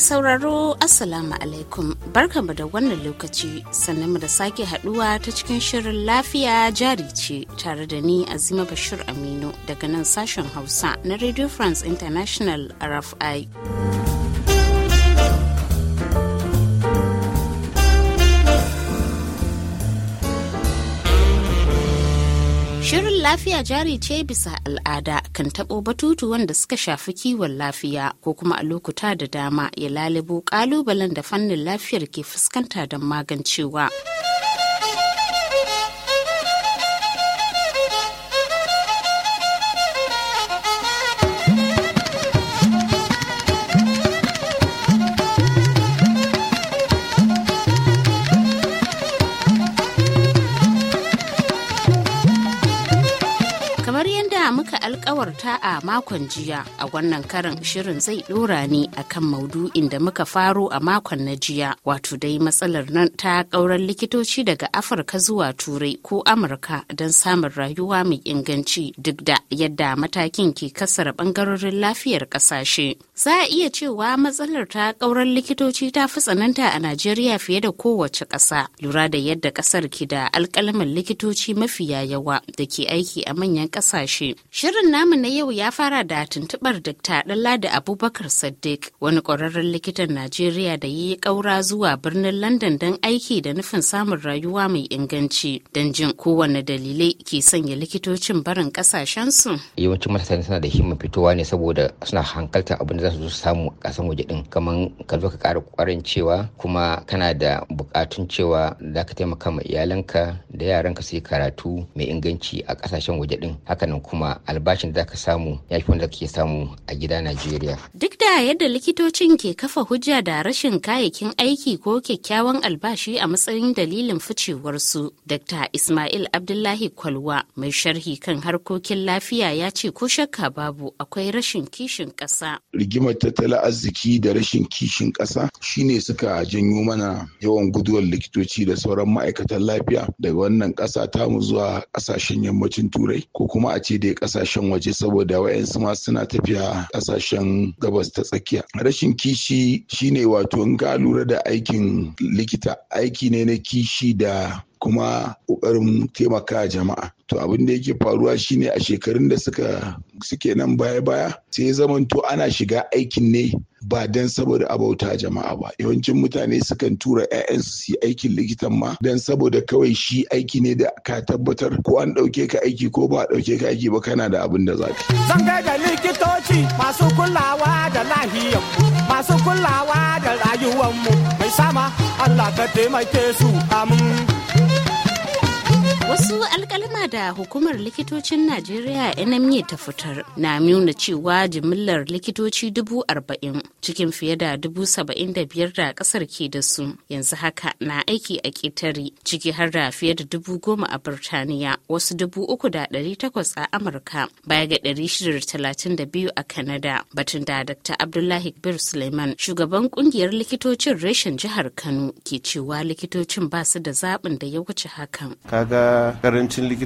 sauraro Assalamu alaikum barkanmu da wannan lokaci sannan mu da sake haduwa ta cikin shirin lafiya jari ce tare da ni Azima Bashir Aminu daga nan sashen Hausa na Radio France International RFI. lafiya jari ce bisa al'ada kan tabo batutu wanda suka shafi kiwon lafiya ko kuma a lokuta da dama ya lalibo kalubalen da fannin lafiyar ke fuskanta don magancewa. さ a makon jiya a wannan karin shirin zai dora ne akan maudu'in da muka faro a makon na jiya wato dai matsalar nan ta kauran likitoci daga afirka zuwa turai ko amurka don samun rayuwa mai inganci duk da yadda matakin ke kasar bangarorin lafiyar kasashe za a iya cewa matsalar ta kauran likitoci ta fi tsananta a najeriya fiye da kowace ƙasa lura da yadda ƙasar ke da alkalamin likitoci mafiya yawa da ke aiki a manyan ƙasashe shirin namu na yau ya fara da tuntubar Dr. Ɗanladi Abubakar Sadiq, wani ƙwararren likitan Najeriya da yayi yi ƙaura zuwa birnin London don aiki da nufin samun rayuwa mai inganci don jin kowane dalilai ke sanya likitocin barin ƙasashensu. Yawancin matasa suna da himma fitowa ne saboda suna hankalta abin da za su zo su samu ƙasan waje ɗin kamar ka zo ka ƙara ƙwarin cewa kuma kana da buƙatun cewa za ka taimaka ma iyalanka da yaranka su yi karatu mai inganci a ƙasashen waje ɗin hakanan kuma albashin da za ka samu ya fi wanda ke samu a gida Najeriya. Duk da yadda likitocin ke kafa hujja da rashin kayayyakin aiki ko kyakkyawan albashi a matsayin dalilin ficewarsu, Dr. Ismail Abdullahi Kwalwa mai sharhi kan harkokin lafiya ya ce ko shakka babu akwai rashin kishin ƙasa. Rigimar tattalin arziki da rashin kishin ƙasa shine suka janyo mana yawan guduwar likitoci da sauran ma'aikatan lafiya daga wannan ƙasa tamu zuwa ƙasashen yammacin turai ko kuma a ce dai ƙasashen waje saboda wa'yansu ma suna tafiya ƙasashen gabas ta tsakiya rashin kishi shine wato in ka lura da aikin likita aiki ne na kishi da kuma ƙoƙarin taimaka jama'a to abin da yake faruwa shine a shekarun da suka suke nan baya-baya sai ya zamanto ana shiga aikin ne ba dan saboda abauta jama'a ba yawancin mutane sukan tura 'ya'yansu su yi aikin likitan ma Dan saboda kawai shi aiki ne da ka tabbatar ko an ɗauke ka aiki ko ba a ɗauke ka aiki ba kana da abin da za ka zan kai da likitoci masu kulawa da lahiyar masu kulawa da rayuwar mu mai sama allah ka taimake su amin What's the alƙaluma da hukumar likitocin Najeriya NME ta fitar na nuna cewa jimillar likitoci dubu arba'in cikin fiye da dubu saba'in da biyar da ƙasar ke da su yanzu haka na aiki a ƙetare ciki har da fiye da dubu goma a Birtaniya wasu dubu uku da ɗari takwas a Amurka baya ga ɗari shida da talatin da biyu a Kanada batun da Dr. Abdullahi Bir Suleiman shugaban ƙungiyar likitocin reshen jihar Kano ke cewa likitocin ba su da zaɓin da ya wuce hakan. Kaga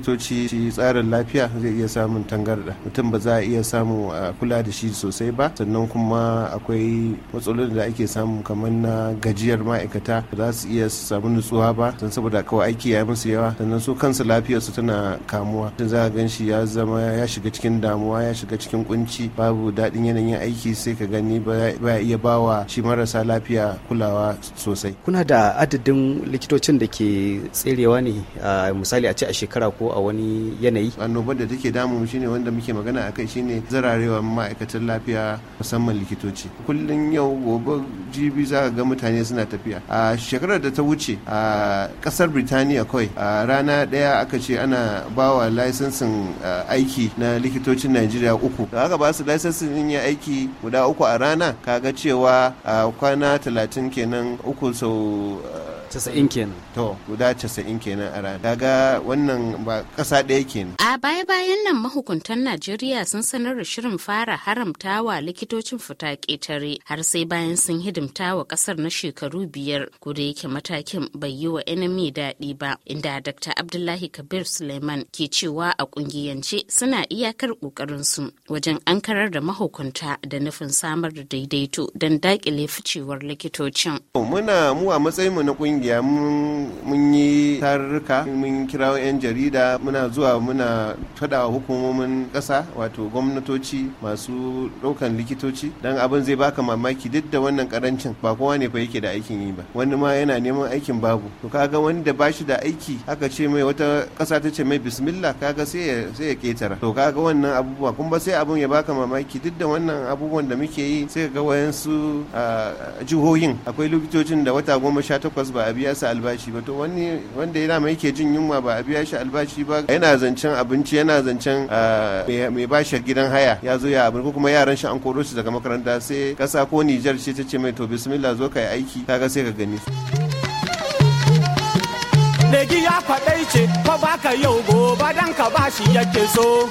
likitoci tsarin lafiya zai iya samun tangarda mutum ba za a iya samun kula da shi sosai ba sannan kuma akwai matsalolin da ake samu kamar na gajiyar ma'aikata za su iya samu nutsuwa ba don saboda kawai aiki ya musu yawa sannan su kansu lafiyarsu tana kamuwa tun za a gan shi ya zama ya shiga cikin damuwa ya shiga cikin kunci babu daɗin yanayin aiki sai ka gani ba iya wa shi marasa lafiya kulawa sosai kuna da adadin likitocin da ke tserewa ne misali a ce a shekara ko a wani yanayi annobar da take damu shine wanda muke magana a kai shine zararewar ma'aikatan lafiya musamman likitoci kullum yau gobe jibi za ga mutane suna tafiya a shekarar da ta wuce a kasar Birtaniya kawai a rana daya aka ce ana bawa laisensin aiki na likitocin Najeriya uku da aka ba su laisensin yin aiki guda uku a rana ka ga cewa kwana talatin kenan uku sau casa'in kenan to guda casa'in kenan a rana daga wannan ba ƙasa ɗaya kenan a baya bayan nan mahukuntan najeriya sun sanar da shirin fara haramtawa likitocin fita ƙetare har sai bayan sun hidimta wa ƙasar na shekaru biyar ko yake matakin bai yi wa enemy daɗi ba inda dr abdullahi kabir suleiman ke cewa a ƙungiyance suna iyakar ƙoƙarin su wajen ankarar da mahukunta da nufin samar da daidaito don daƙile ficewar likitocin muna mu a matsayinmu na ƙungiya kungiya mun yi tarurruka mun kira 'yan jarida muna zuwa muna faɗa hukumomin ƙasa wato gwamnatoci masu ɗaukan likitoci dan abin zai baka mamaki duk da wannan karancin ba kowa ne fa yake da aikin yi ba wani ma yana neman aikin babu to kaga wani ba shi da aiki aka ce mai wata ƙasa ta ce mai bismillah kaga sai ya sai ya ketara to kaga wannan abubuwa kun ba sai abun ya baka mamaki duk da wannan abubuwan da muke yi sai ga wayansu ah, jihohin akwai likitocin da wata goma sha takwas ba a biya sa albashi ba to wani wanda yana mai ke jin yunwa ba a biya shi albashi ba yana zancen abinci yana zancen ah, mai bashi gidan haya ya zo ya abin ko kuma yaran shi an koro shi daga makaranta sai kasa ko Nijar ce ta ce mai to bismillah zo ka yi aiki ga sai ka gani. Legi ya faɗai ce, ko baka yau gobe dan ka bashi yake so.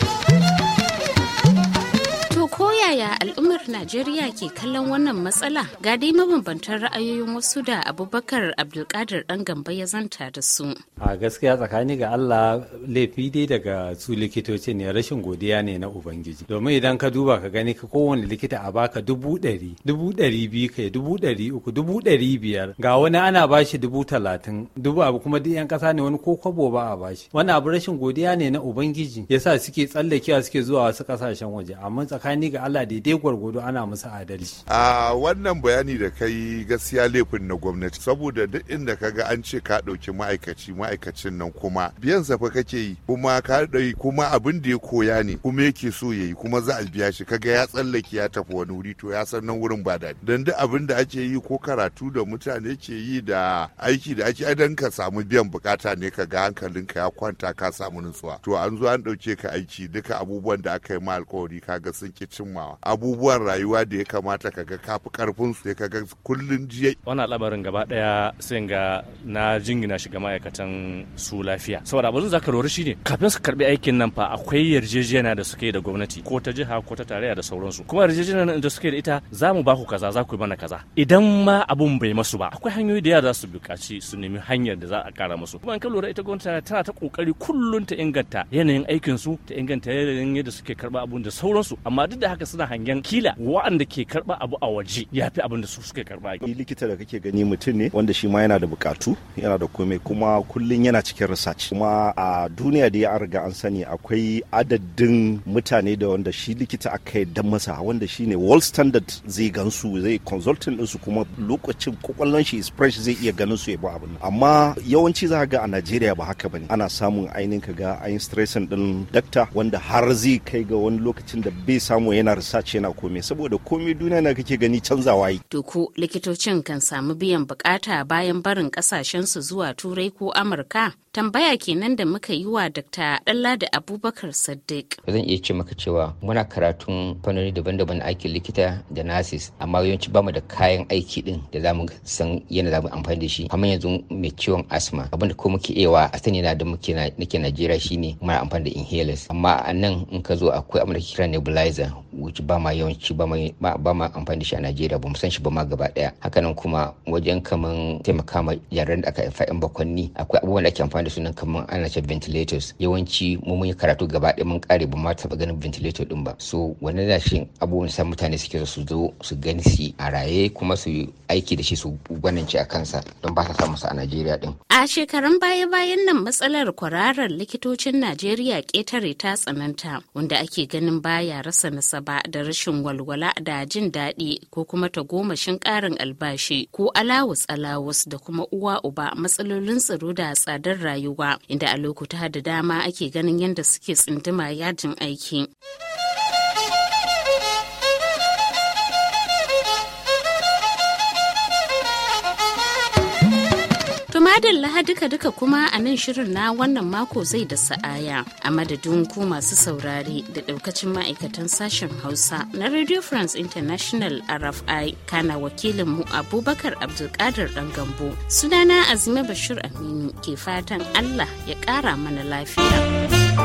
Ko yaya al'ummar Najeriya ke kallon wannan matsala ga dai mabambantan ra'ayoyin wasu da Abubakar Abdulkadir dan gamba ya zanta da su. A gaskiya tsakani ga Allah laifi dai daga su likitoci ne rashin godiya ne na Ubangiji. Domin idan ka duba ka gani ka kowane likita a baka dubu ɗari, dubu ɗari biyu kai, dubu ɗari uku, dubu ɗari biyar. Ga wani ana bashi dubu talatin, dubu abu kuma duk 'yan ƙasa ne wani ko kwabo ba a bashi. Wani abu rashin godiya ne na Ubangiji yasa suke tsallakewa suke zuwa wasu kasashen waje. Amma tsakani ga Allah daidai gwargwado ana masa adalci. A wannan bayani da ka yi gaskiya laifin na gwamnati saboda duk inda ka ga an ce ka ɗauki ma'aikaci ma'aikacin nan kuma biyan sa fa kake yi kuma ka ɗauki kuma abin da ya koya ne kuma yake so ya yi kuma za a biya shi ka ga ya tsallake ya tafi wani wuri to ya san nan wurin ba daɗi. Dan duk abin da ake yi ko karatu da mutane ke yi da aiki da ake idan ka samu biyan bukata ne ka ga hankalinka ya kwanta ka samu nutsuwa. To an zo an ɗauke ka aiki duka abubuwan da aka yi ma alkawari kaga sun ki cimmawa abubuwan rayuwa da ya kamata ka ga kafi karfin su ka ga kullun jiya wannan labarin gaba daya sai ga na jingina shiga ma'aikatan su lafiya saboda abin zaka shi shine kafin su karbi aikin nan fa akwai yarjejeniya da suke da gwamnati ko ta jiha ko ta tarayya da sauransu kuma yarjejeniyar da suke da ita za mu ba ku kaza za ku yi mana kaza idan ma abun bai masu ba akwai hanyoyi da yara su buƙaci su nemi hanyar da za a kara musu kuma in ka lura ita gwamnati tana ta kokari kullun ta inganta yanayin aikin su ta inganta yanayin yadda suke karba abun da sauransu amma duk da haka suna hangen kila waɗanda ke karba abu a waje ya fi abin da su suka karba ni likita da kake gani mutum ne wanda shi ma yana da bukatu yana da komai kuma kullum yana cikin research kuma a duniya da ya riga an sani akwai adadin mutane da wanda shi likita aka yadda masa wanda shi ne world standard zai gansu zai consulting ɗinsu kuma lokacin kwakwallon shi express zai iya ganin su ya ba abin amma yawanci za ga a najeriya ba haka ba ne. ana samun ainihin ka ga ainihin stressing ɗin dakta wanda har zai kai ga wani lokacin da bai samu mu yana research yana komai saboda komai duniya na kake gani canzawa yi duku likitocin kan samu biyan bukata bayan barin kasashen su zuwa turai ko amurka tambaya kenan da muka yi wa dr da abubakar sadiq zan iya ce maka cewa muna karatun fannoni daban-daban na aikin likita da nurses amma yawanci ba bamu da kayan aiki din da za mu san yana mu amfani da shi kamar yanzu mai ciwon asma abin da ko muke ewa a sani na da muke nake najeriya shine muna amfani da inhalers amma a nan in ka zo akwai abin da kira nebulizer wuce ba ma yawanci ba ma amfani da shi a najeriya ba san shi ba ma gaba daya hakanan kuma wajen kaman taimaka ma yaran da aka haifa yan bakwanni akwai abubuwan da ake amfani da su nan kaman ana ce ventilators yawanci mu mun yi karatu gaba daya mun kare ba ma taba ganin ventilator din ba so wannan da shi abubuwan sa mutane suke so su zo su gani su a raye kuma su aiki da shi su gwanince a kansa don ba sa samu su a najeriya din A shekarun baya-bayan nan matsalar kwararar likitocin Najeriya ƙetare ta tsananta wanda ake ganin baya rasa nasaba da rashin walwala da jin daɗi ko kuma shin ƙarin albashi ko alawus alawus da kuma uwa uba matsalolin tsaro da tsadar rayuwa inda a lokuta da dama ake ganin yadda suke tsinduma yajin aiki. lahadi duka-duka kuma a nan shirin na wannan mako zai da sa'aya a madadin ku masu saurari da daukacin ma'aikatan sashen hausa na radio france international rfi kana mu abubakar abdulkadir dan gambo sunana azima bashir aminu ke fatan allah ya kara mana lafiya.